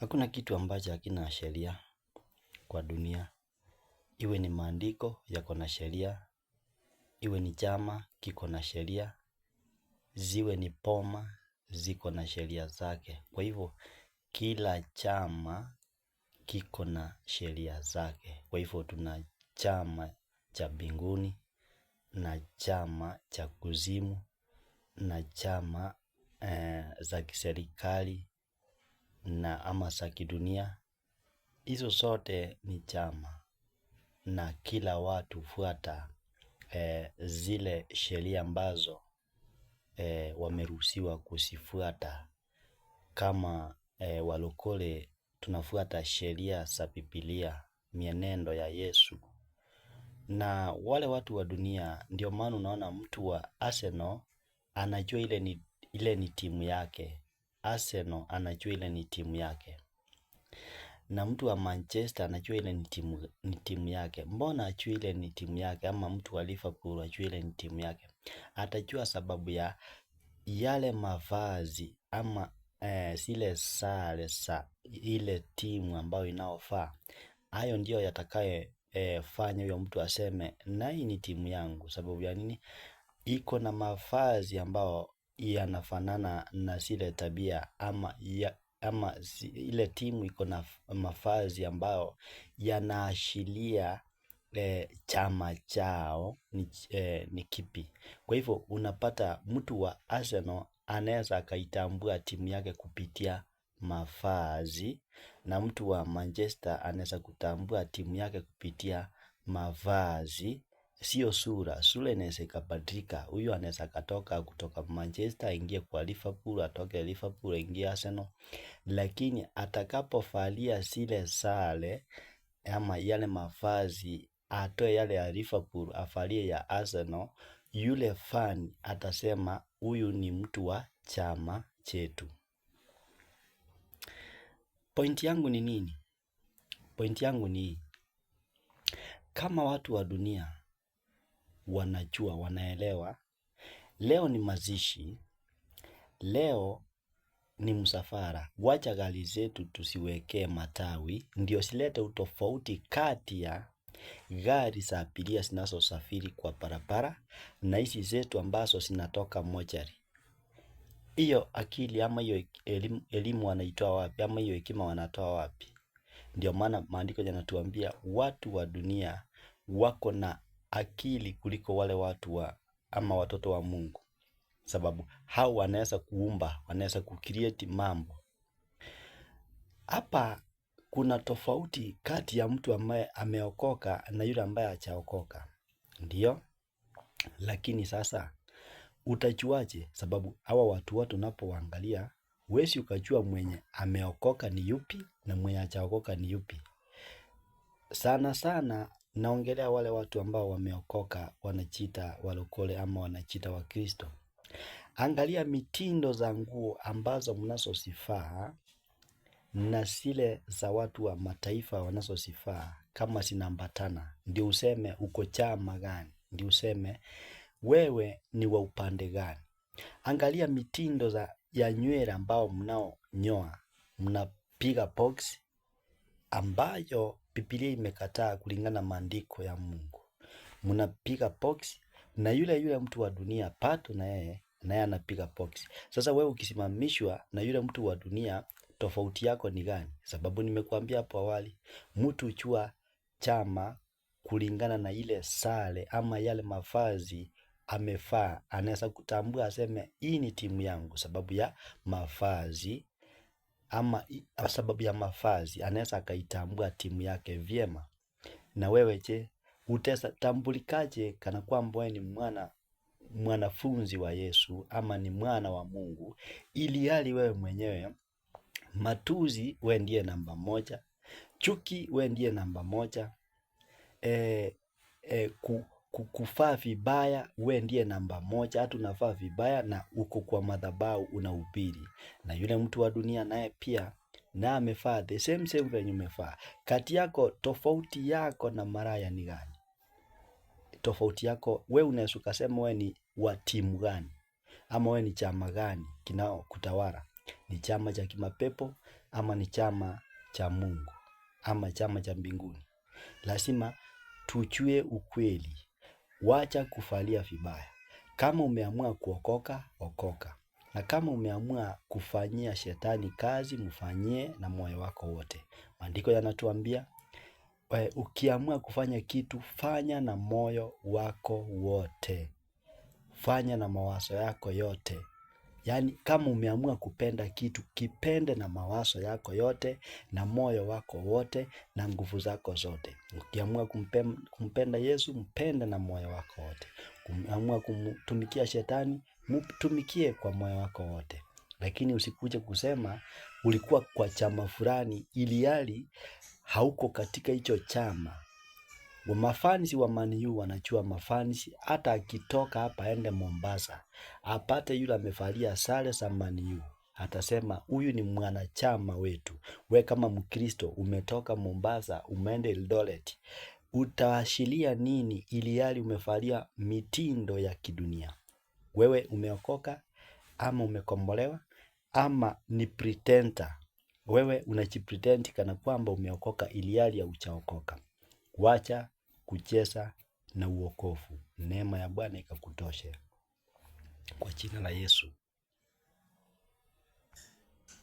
Hakuna kitu ambacho hakina sheria kwa dunia. Iwe ni maandiko yako na sheria. Iwe ni chama kiko na sheria. Ziwe ni poma ziko na sheria zake. Kwa hivyo kila chama kiko na sheria zake. Kwa hivyo tuna chama cha mbinguni na chama cha kuzimu na chama eh, za kiserikali na ama za kidunia. Hizo zote ni chama na kila watu fuata e, eh, zile sheria ambazo e, wameruhusiwa kusifuata kama e, walokole tunafuata sheria za Biblia, mienendo ya Yesu na wale watu wa dunia. Ndio maana unaona mtu wa Arsenal anajua ile ni, ile ni timu yake Arsenal anajua ile ni timu yake na mtu wa Manchester anajua ile ni timu, ni timu yake. Mbona ajua ile ni timu yake? Ama mtu wa Liverpool ajua ile ni timu yake, atajua sababu ya yale mavazi ama eh, zile sare za ile timu ambayo inaofaa. Hayo ndiyo yatakaye eh, fanya huyo mtu aseme na hii ni timu yangu. Sababu ya nini? Iko na mavazi ambao yanafanana na zile tabia ama ya ama ile timu iko na mavazi ambayo yanaashiria eh, chama chao eh, ni kipi. Kwa hivyo unapata mtu wa Arsenal anaweza akaitambua timu yake kupitia mavazi na mtu wa Manchester anaweza kutambua timu yake kupitia mavazi sio sura. Sura inaweza ikabadilika. Huyu anaweza katoka kutoka Manchester aingie kwa Liverpool, atoke Liverpool aingie Arsenal, lakini atakapovalia zile sare ama yale mavazi, atoe yale ya Liverpool afalie ya Arsenal, yule fan atasema huyu ni mtu wa chama chetu. Pointi yangu ni nini? Pointi yangu ni kama watu wa dunia wanajua, wanaelewa. Leo ni mazishi, leo ni msafara. Wacha gari zetu tusiwekee matawi, ndio silete utofauti kati ya gari za abiria zinazosafiri kwa barabara na hizi zetu ambazo zinatoka mochari. Hiyo akili ama hiyo elimu, elimu wanaitoa wapi? Ama hiyo hekima wanatoa wapi? Ndio maana maandiko yanatuambia watu wa dunia wako na akili kuliko wale watu wa ama watoto wa Mungu, sababu hao wanaweza kuumba, wanaweza kucreate mambo. Hapa kuna tofauti kati ya mtu ambaye ameokoka na yule ambaye hajaokoka, ndio. Lakini sasa utajuaje? Sababu hawa watu wote unapoangalia, wesi ukajua mwenye ameokoka ni yupi na mwenye hajaokoka ni yupi. Sana sana Naongelea wale watu ambao wameokoka wanachita walokole ama wa Wakristo. Angalia mitindo za nguo ambazo mnazozivaa na zile za watu wa mataifa wanazozivaa kama zinaambatana, ndio useme uko chama gani, ndio useme wewe ni wa upande gani. Angalia mitindo za ya nywele ambao mnaonyoa, mnapiga box ambayo Biblia imekataa kulingana na maandiko ya Mungu. Mnapiga box na yule yule mtu wa dunia pato na yeye naye anapiga box. Sasa wewe ukisimamishwa na yule mtu wa dunia, tofauti yako ni gani? Sababu nimekuambia hapo awali, mtu chua chama kulingana na ile sare ama yale mavazi amefaa, anaweza kutambua aseme hii ni timu yangu, sababu ya mavazi ama kwa sababu ya mavazi anaweza akaitambua timu yake vyema. Na wewe je, utatambulikaje kana kwamba wewe ni mwana mwanafunzi wa Yesu ama ni mwana wa Mungu, ili hali wewe mwenyewe matuzi we ndiye namba moja, chuki we ndiye namba moja, e, e, ku kukufaa vibaya we ndiye namba moja, hata unavaa vibaya na uko kwa madhabahu unahubiri, na yule mtu wa dunia naye pia na amefaa the same same venye umefaa. Kati yako tofauti yako na maraya ni gani? Tofauti yako we unaweza ukasema we ni wa timu gani, ama we ni chama gani kinao kutawala? Ni chama cha kimapepo ama ni chama cha Mungu ama chama cha mbinguni? Lazima tuchue ukweli Wacha kufalia vibaya. Kama umeamua kuokoka, okoka. Na kama umeamua kufanyia shetani kazi, mfanyie na moyo wako wote. Maandiko yanatuambia eh, ukiamua kufanya kitu, fanya na moyo wako wote. Fanya na mawazo yako yote. Yaani kama umeamua kupenda kitu, kipende na mawazo yako yote na moyo wako wote na nguvu zako zote. Ukiamua kumpenda Yesu, mpende na moyo wako wote. Ukiamua kumtumikia shetani, mtumikie kwa moyo wako wote. Lakini usikuje kusema ulikuwa kwa chama fulani ili hali hauko katika hicho chama mafansi wa Man U wanajua mafansi, hata akitoka hapa aende Mombasa apate yule amevalia sare za Man U, atasema huyu ni mwanachama wetu. We kama Mkristo umetoka Mombasa umeenda Eldoret, utaashiria nini ilihali umevalia mitindo ya kidunia? Wewe umeokoka ama umekombolewa ama ni pretender? Wewe unajipretendi kana kwamba umeokoka ya uchaokoka. Wacha kucheza na uokovu. Neema ya Bwana ikakutosha kwa jina la Yesu.